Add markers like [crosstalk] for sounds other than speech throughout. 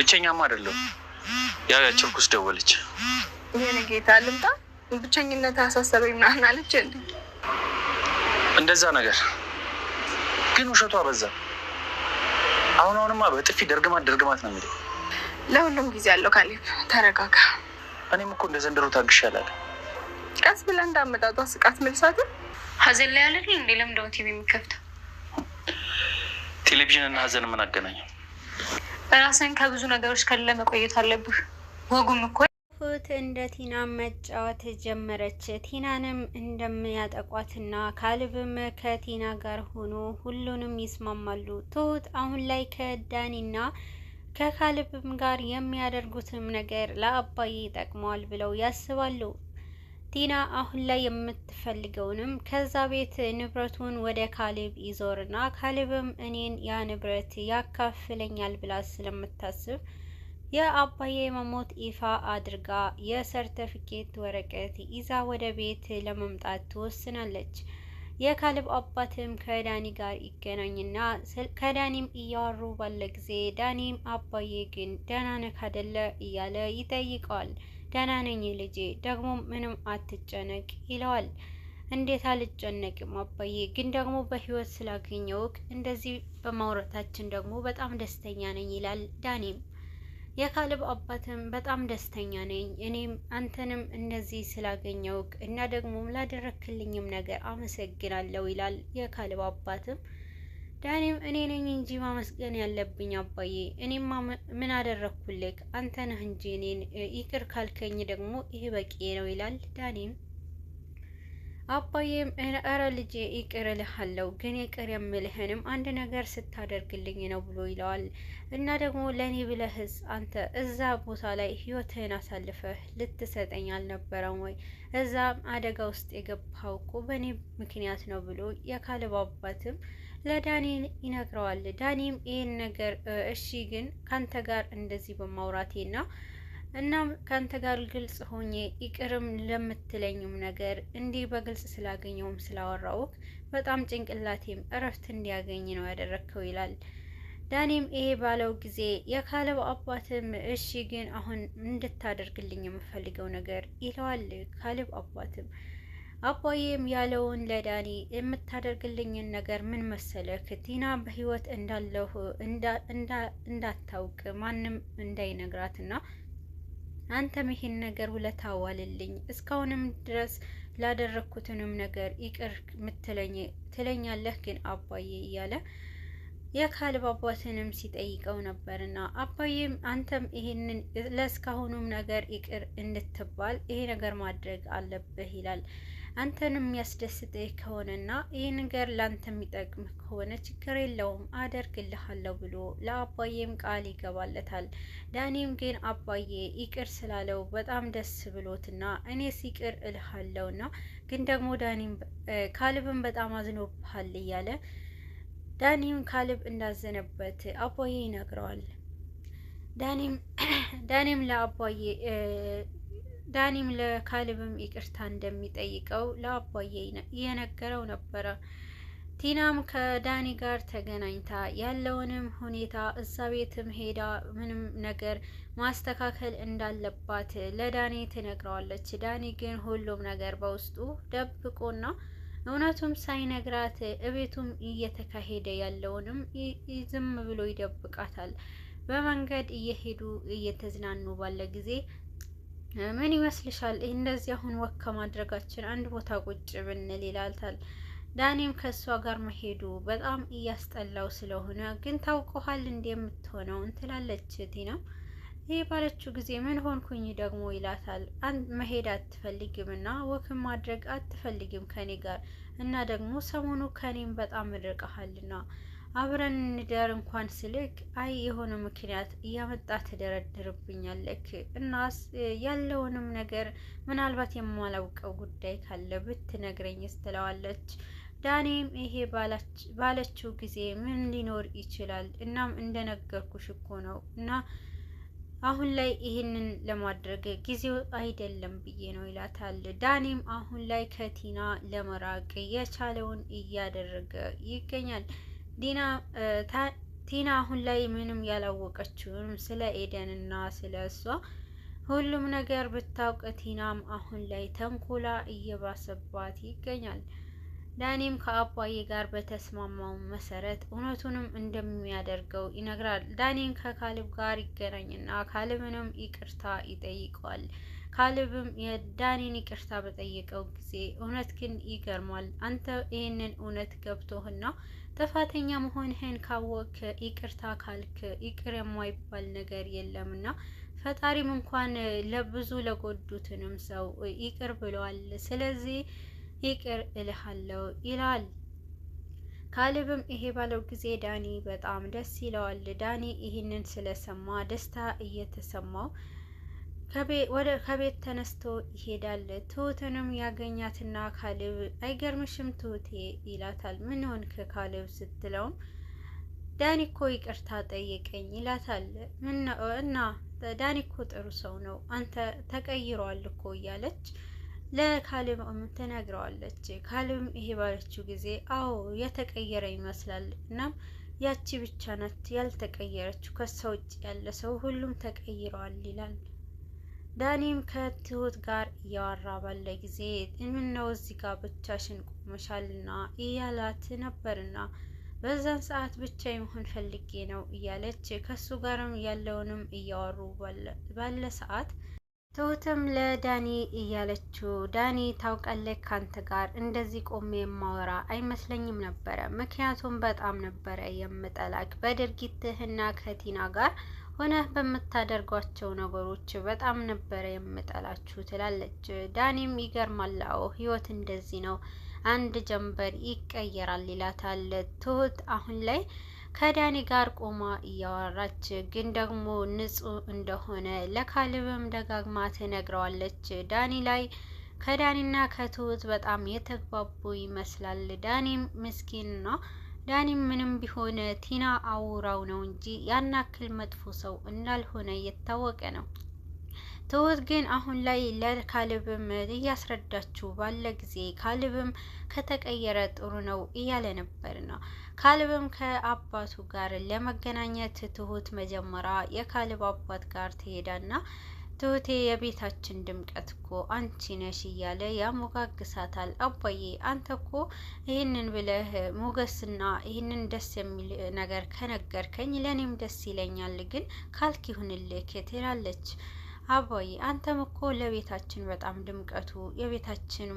ብቸኛም አይደለም። ያው ያቸርኩስ ደወለች። የኔ ጌታ ልምጣ፣ ብቸኝነት አሳሰበኝ ምናምን አለች። እንደ እንደዛ ነገር ግን ውሸቷ በዛ። አሁን አሁንማ በጥፊ ደርግማት ደርግማት ነው የሚለው። ለሁሉም ጊዜ አለው። ካሌብ ተረጋጋ። እኔም እኮ እንደ ዘንድሮ ታግሽ ያላለ ቀስ ብላ እንዳመጣጧ ስቃት መልሳትን ሀዘን ላይ ያለ እንዴ ለምደው ቲቪ የሚከፍተው ቴሌቪዥን እና ሀዘን ምን አገናኘው? ራስን ከብዙ ነገሮች ከለ መቆየት አለብህ። ወጉም እኮ ትሁት እንደ ቲና መጫወት ጀመረች። ቲናንም እንደሚያጠቋትና ካልብም ከቲና ጋር ሆኖ ሁሉንም ይስማማሉ። ትሁት አሁን ላይ ከዳኒና ከካልብም ጋር የሚያደርጉትም ነገር ለአባዬ ይጠቅመዋል ብለው ያስባሉ። ቲና አሁን ላይ የምትፈልገውንም ከዛ ቤት ንብረቱን ወደ ካሌብ ይዞርና ካሌብም እኔን ያ ንብረት ያካፍለኛል ብላ ስለምታስብ የአባዬ መሞት ይፋ አድርጋ የሰርተፍኬት ወረቀት ይዛ ወደ ቤት ለመምጣት ትወስናለች። የካሌብ አባትም ከዳኒ ጋር ይገናኝና ከዳኒም እያወሩ ባለ ጊዜ ዳኒም አባዬ ግን ደህና ነህ አይደለ እያለ ይጠይቀዋል። ደህና ነኝ ልጄ፣ ደግሞ ምንም አትጨነቅ ይለዋል። እንዴት አልጨነቅም አባዬ፣ ግን ደግሞ በህይወት ስላገኘውክ እንደዚህ በማውረታችን ደግሞ በጣም ደስተኛ ነኝ ይላል። ዳኒም የካልብ አባትም በጣም ደስተኛ ነኝ እኔም አንተንም እንደዚህ ስላገኘውክ እና ደግሞም ላደረክልኝም ነገር አመሰግናለሁ ይላል የካልብ አባትም ዳኒም እኔ ነኝ እንጂ ማመስገን ያለብኝ አባዬ፣ እኔማ ምን አደረግኩልክ? አንተ ነህ እንጂ እኔን ይቅር ካልከኝ ደግሞ ይሄ በቂ ነው ይላል ዳኒም። አባዬም ኧረ ልጄ ይቅር እልሃለሁ፣ ግን ይቅር የምልህንም አንድ ነገር ስታደርግልኝ ነው ብሎ ይለዋል። እና ደግሞ ለእኔ ብለህስ አንተ እዛ ቦታ ላይ ህይወትህን አሳልፈህ ልትሰጠኝ አልነበረም ወይ? እዛም አደጋ ውስጥ የገባው እኮ በእኔ ምክንያት ነው ብሎ የካልባባትም ለዳኒ ይነግረዋል። ዳኒም ይህን ነገር እሺ፣ ግን ካንተ ጋር እንደዚህ በማውራቴ ና እናም ካንተ ጋር ግልጽ ሆኜ ይቅርም ለምትለኝም ነገር እንዲህ በግልጽ ስላገኘውም ስላወራውክ በጣም ጭንቅላቴም እረፍት እንዲያገኝ ነው ያደረግከው ይላል። ዳኒም ይሄ ባለው ጊዜ የካለብ አባትም እሺ ግን አሁን እንድታደርግልኝ የምፈልገው ነገር ይለዋል። ካለብ አባትም አባዬም ያለውን ለዳኒ የምታደርግልኝን ነገር ምን መሰለክ፣ ቲና በህይወት እንዳለሁ እንዳታውቅ ማንም እንዳይነግራትና አንተም ይሄን ነገር ውለታ ዋልልኝ፣ እስካሁንም ድረስ ላደረግኩትንም ነገር ይቅር ምትለኝ ትለኛለህ ግን አባዬ እያለ የካልብ አባትንም ሲጠይቀው ነበርና አባዬም አንተም ይሄንን ለእስካሁኑም ነገር ይቅር እንድትባል ይሄ ነገር ማድረግ አለብህ ይላል። አንተንም የሚያስደስትህ ከሆነና ይህ ነገር ለአንተ የሚጠቅም ከሆነ ችግር የለውም አደርግልሃለሁ ብሎ ለአባዬም ቃል ይገባለታል። ዳኒም ግን አባዬ ይቅር ስላለው በጣም ደስ ብሎትና እኔስ ይቅር እልሃለሁና ግን ደግሞ ዳኒም ካልብን በጣም አዝኖብሃል እያለ ዳኒም ካልብ እንዳዘነበት አባዬ ይነግረዋል። ዳኒም [clears throat] ለአባዬ ዳኒም ለካልብም ይቅርታ እንደሚጠይቀው ለአባዬ እየነገረው ነበረ። ቲናም ከዳኒ ጋር ተገናኝታ ያለውንም ሁኔታ እዛ ቤትም ሄዳ ምንም ነገር ማስተካከል እንዳለባት ለዳኒ ትነግረዋለች። ዳኒ ግን ሁሉም ነገር በውስጡ ደብቆና እውነቱም ሳይነግራት እቤቱም እየተካሄደ ያለውንም ዝም ብሎ ይደብቃታል። በመንገድ እየሄዱ እየተዝናኑ ባለ ጊዜ ምን ይመስልሻል? እንደዚህ አሁን ወክ ከማድረጋችን አንድ ቦታ ቁጭ ብንል ይላታል። ዳኔም ከእሷ ጋር መሄዱ በጣም እያስጠላው ስለሆነ ግን ታውቀዋል እንዴ የምትሆነው እንትላለች ቲና። ይህ ባለችው ጊዜ ምን ሆንኩኝ ደግሞ ይላታል። አንድ መሄድ አትፈልግም እና ወክም ማድረግ አትፈልግም ከኔ ጋር እና ደግሞ ሰሞኑ ከኔም በጣም ርቀሃልና አብረን እንደር እንኳን ስልክ አይ የሆነ ምክንያት እያመጣ ትደረድርብኛለክ። እናስ ያለውንም ነገር ምናልባት የማላውቀው ጉዳይ ካለ ብትነግረኝ ስትለዋለች። ዳኔም ይሄ ባለችው ጊዜ ምን ሊኖር ይችላል? እናም እንደነገርኩሽ እኮ ነው እና አሁን ላይ ይህንን ለማድረግ ጊዜው አይደለም ብዬ ነው ይላታል። ዳኔም አሁን ላይ ከቲና ለመራቅ የቻለውን እያደረገ ይገኛል። ቲና አሁን ላይ ምንም ያላወቀችውም ስለ ኤደን እና ስለ እሷ ሁሉም ነገር ብታውቅ ቲናም አሁን ላይ ተንኮላ እየባሰባት ይገኛል። ዳኒም ከአባዬ ጋር በተስማማው መሰረት እውነቱንም እንደሚያደርገው ይነግራል። ዳኒም ከካልብ ጋር ይገናኝና ካልብንም ይቅርታ ይጠይቀዋል። ካልብም የዳኒን ይቅርታ በጠየቀው ጊዜ እውነት ግን ይገርማል፣ አንተ ይህንን እውነት ገብቶህና ጥፋተኛ መሆንህን ካወክ ይቅርታ ካልክ ይቅር የማይባል ነገር የለምና ፈጣሪም እንኳን ለብዙ ለጎዱትንም ሰው ይቅር ብለዋል። ስለዚህ ይቅር እልሃለሁ ይላል። ካልብም ይሄ ባለው ጊዜ ዳኒ በጣም ደስ ይለዋል። ዳኒ ይህንን ስለሰማ ደስታ እየተሰማው ከቤት ተነስቶ ይሄዳል። ትሁትንም ያገኛትና ካሌብ አይገርምሽም ትሁቴ ይላታል። ምን ሆንክ ካሌብ ስትለውም ዳኒ እኮ ይቅርታ ጠየቀኝ ይላታል። እና ዳኒ እኮ ጥሩ ሰው ነው አንተ ተቀይሯል እኮ እያለች ለካሌብም ትነግረዋለች። ካሌብም ይሄ ባለችው ጊዜ አዎ የተቀየረ ይመስላል እናም ያቺ ብቻ ናት ያልተቀየረችው ከሰው ውጭ ያለ ሰው ሁሉም ተቀይረዋል ይላል። ዳኒም ከትሁት ጋር እያወራ ባለ ጊዜ እምነው እዚህ ጋር ብቻሽን ቆመሻልና እያላት ነበርና በዛን ሰዓት ብቻ የመሆን ፈልጌ ነው እያለች ከሱ ጋርም ያለውንም እያወሩ ባለ ሰዓት ትሁትም ለዳኒ እያለችው ዳኒ ታውቃለህ፣ ካንተ ጋር እንደዚህ ቆሜ የማወራ አይመስለኝም ነበረ። ምክንያቱም በጣም ነበረ የምጠላክ በድርጊትህና ከቲና ጋር ሆነ በምታደርጓቸው ነገሮች በጣም ነበረ የምጠላችሁ ትላለች። ዳኒም ይገርማል፣ አዎ ህይወት እንደዚህ ነው፣ አንድ ጀንበር ይቀየራል ይላታል። ትሁት አሁን ላይ ከዳኒ ጋር ቆማ እያወራች ግን ደግሞ ንጹሕ እንደሆነ ለካልብም ደጋግማ ትነግረዋለች። ዳኒ ላይ ከዳኒና ከትሁት በጣም የተግባቡ ይመስላል። ዳኒም ምስኪን ነው። ዳኒም ምንም ቢሆን ቲና አውራው ነው እንጂ ያን ያክል መጥፎ ሰው እንዳልሆነ እየታወቀ ነው። ትሁት ግን አሁን ላይ ለካልብም እያስረዳችው ባለ ጊዜ ካልብም ከተቀየረ ጥሩ ነው እያለ ነበር ነው። ካልብም ከአባቱ ጋር ለመገናኘት ትሁት መጀመሪያ የካልብ አባት ጋር ትሄዳና ትሁቴ የቤታችን ድምቀት እኮ አንቺ ነሽ እያለ ያሞጋግሳታል። አባዬ አንተ እኮ ይህንን ብለህ ሞገስና ይህንን ደስ የሚል ነገር ከነገርከኝ ለእኔም ደስ ይለኛል፣ ግን ካልክ ይሁንልህ ትላለች። አባዬ አንተም እኮ ለቤታችን በጣም ድምቀቱ የቤታችን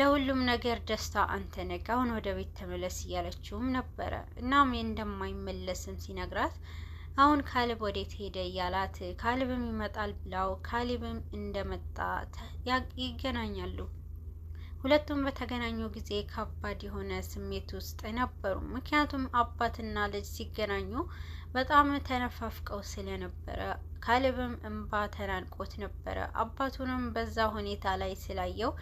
ለሁሉም ነገር ደስታ አንተ ነህ፣ አሁን ወደ ቤት ተመለስ እያለችውም ነበረ። እናም እንደማይመለስም ሲነግራት አሁን ካልብ ወዴት ሄደ እያላት ካልብም ይመጣል ብላው ካልብም እንደመጣ ይገናኛሉ። ሁለቱም በተገናኙ ጊዜ ከባድ የሆነ ስሜት ውስጥ ነበሩ። ምክንያቱም አባትና ልጅ ሲገናኙ በጣም ተነፋፍቀው ስለነበረ ካልብም እንባ ተናንቆት ነበረ። አባቱንም በዛ ሁኔታ ላይ ስላየው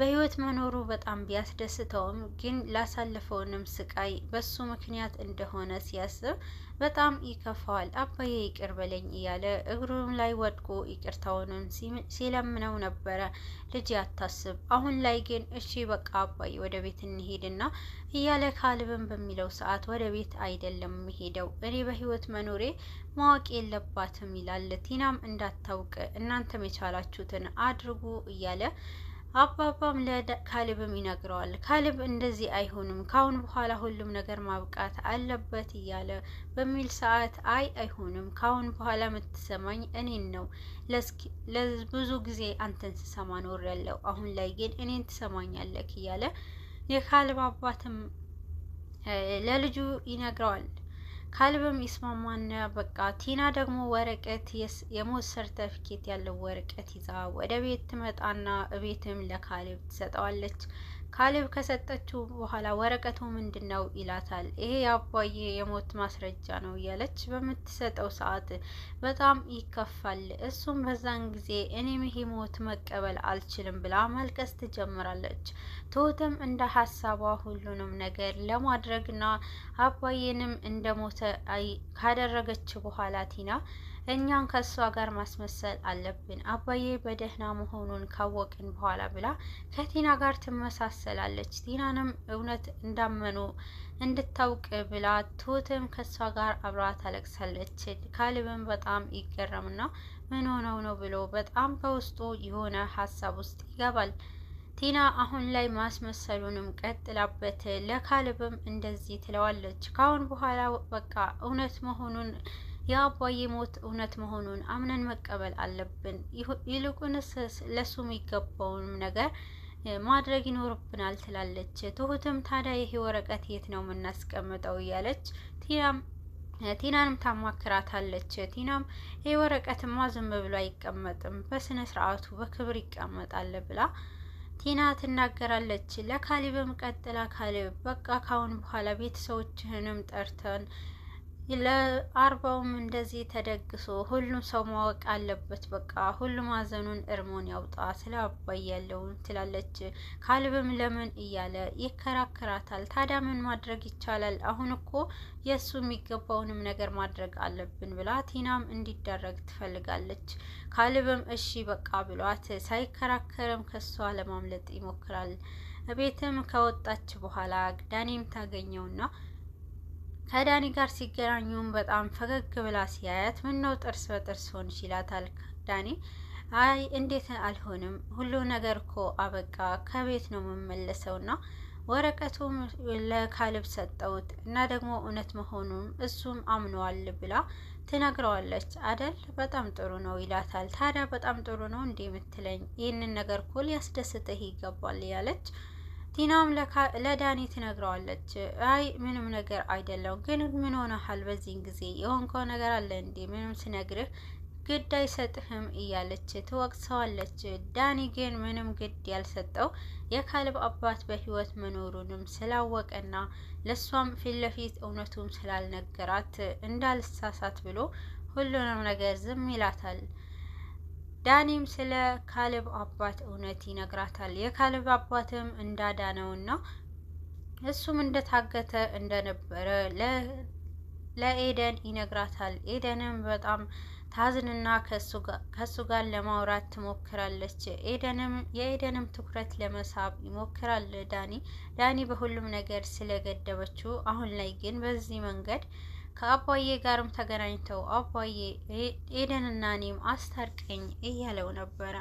በህይወት መኖሩ በጣም ቢያስደስተውም ግን ላሳለፈውንም ስቃይ በሱ ምክንያት እንደሆነ ሲያስብ በጣም ይከፋዋል። አባዬ ይቅር በለኝ እያለ እግሩም ላይ ወድቆ ይቅርታውንም ሲለምነው ነበረ። ልጅ ያታስብ አሁን ላይ ግን እሺ በቃ አባዬ ወደ ቤት እንሄድና እያለ ካልብን በሚለው ሰዓት ወደ ቤት አይደለም ሄደው እኔ በህይወት መኖሬ ማወቅ የለባትም ይላል። ቲናም እንዳታውቅ እናንተም የቻላችሁትን አድርጉ እያለ አባባም ለካልብም ይነግረዋል። ካሊብ እንደዚህ አይሆንም፣ ካሁን በኋላ ሁሉም ነገር ማብቃት አለበት እያለ በሚል ሰዓት አይ አይሆንም፣ ካሁን በኋላ የምትሰማኝ እኔን ነው። ለብዙ ጊዜ አንተን ስሰማ ኖር ያለው፣ አሁን ላይ ግን እኔን ትሰማኛለህ እያለ የካልብ አባትም ለልጁ ይነግረዋል። ካልብም ይስማማና በቃ ቲና ደግሞ ወረቀት የሞት ሰርተፍኬት ያለው ወረቀት ይዛ ወደ ቤት ትመጣና እቤትም ለካልብ ትሰጠዋለች። ካሌብ ከሰጠችው በኋላ ወረቀቱ ምንድን ነው ይላታል። ይሄ የአባዬ የሞት ማስረጃ ነው እያለች በምትሰጠው ሰዓት በጣም ይከፋል። እሱም በዛን ጊዜ እኔም ይሄ ሞት መቀበል አልችልም ብላ መልቀስ ትጀምራለች። ትሁትም እንደ ሀሳቧ ሁሉንም ነገር ለማድረግና አባዬንም እንደሞተ ካደረገች በኋላ ቲና እኛን ከእሷ ጋር ማስመሰል አለብን አባዬ በደህና መሆኑን ካወቅን በኋላ ብላ ከቲና ጋር ትመሳሰላለች። ቲናንም እውነት እንዳመኑ እንድታውቅ ብላ ትሁትም ከእሷ ጋር አብራ ታለቅሳለች። ካልብም በጣም ይገረምና ምን ሆነው ነው ብሎ በጣም በውስጡ የሆነ ሀሳብ ውስጥ ይገባል። ቲና አሁን ላይ ማስመሰሉንም ቀጥላበት ለካልብም እንደዚህ ትለዋለች። ካሁን በኋላ በቃ እውነት መሆኑን የአባዬ ሞት እውነት መሆኑን አምነን መቀበል አለብን። ይልቁንስ ለሱ የሚገባውንም ነገር ማድረግ ይኖርብናል ትላለች። ትሁትም ታዲያ ይሄ ወረቀት የት ነው የምናስቀምጠው? እያለች ቲናም ቲናንም ታማክራታለች። ቲናም ይህ ወረቀትማ ዝም ብሎ አይቀመጥም፣ በስነ ስርዓቱ በክብር ይቀመጣል ብላ ቲና ትናገራለች። ለካሊብም ቀጥላ ካሊብ በቃ ካሁን በኋላ ቤተሰቦችህንም ጠርተን ለአርባውም እንደዚህ ተደግሶ ሁሉም ሰው ማወቅ አለበት። በቃ ሁሉም ሀዘኑን እርሞን ያውጣ ስለ አባይ ያለውን ትላለች። ካልብም ለምን እያለ ይከራከራታል። ታዲያ ምን ማድረግ ይቻላል? አሁን እኮ የእሱ የሚገባውንም ነገር ማድረግ አለብን ብላ ቲናም እንዲደረግ ትፈልጋለች። ካልብም እሺ በቃ ብሏት ሳይከራከርም ከሷ ለማምለጥ ይሞክራል። ቤትም ከወጣች በኋላ ዳኒም ታገኘውና ከዳኒ ጋር ሲገናኙም በጣም ፈገግ ብላ ሲያያት ነው ጥርስ በጥርስ ሆንሽ ይላታል ዳኒ። አይ እንዴት አልሆንም፣ ሁሉ ነገር እኮ አበቃ፣ ከቤት ነው የምመለሰውና ወረቀቱም ለካልብ ሰጠውት እና ደግሞ እውነት መሆኑን እሱም አምኗል ብላ ትነግረዋለች አደል። በጣም ጥሩ ነው ይላታል። ታዲያ በጣም ጥሩ ነው እንዴ የምትለኝ ይህንን ነገር እኮ ሊያስደስትህ ይገባል ያለች ቲናም ለዳኒ ትነግረዋለች። አይ ምንም ነገር አይደለም፣ ግን ምን ሆነሃል? በዚህን ጊዜ የሆንከው ነገር አለ እንዴ? ምንም ስነግርህ ግድ አይሰጥህም እያለች ትወቅሰዋለች። ዳኒ ግን ምንም ግድ ያልሰጠው የካልብ አባት በህይወት መኖሩንም ስላወቀና ለእሷም ፊት ለፊት እውነቱም ስላልነገራት እንዳልሳሳት ብሎ ሁሉንም ነገር ዝም ይላታል። ዳኒም ስለ ካልብ አባት እውነት ይነግራታል። የካልብ አባትም እንዳዳነውና እሱም እንደታገተ እንደነበረ ለኤደን ይነግራታል። ኤደንም በጣም ታዝንና ከሱ ጋር ለማውራት ትሞክራለች። የኤደንም ትኩረት ለመሳብ ይሞክራል ዳኒ ዳኒ በሁሉም ነገር ስለገደበችው። አሁን ላይ ግን በዚህ መንገድ ከአባዬ ጋርም ተገናኝተው አባዬ ኤደንና እኔም አስታርቀኝ እያለው ነበረ።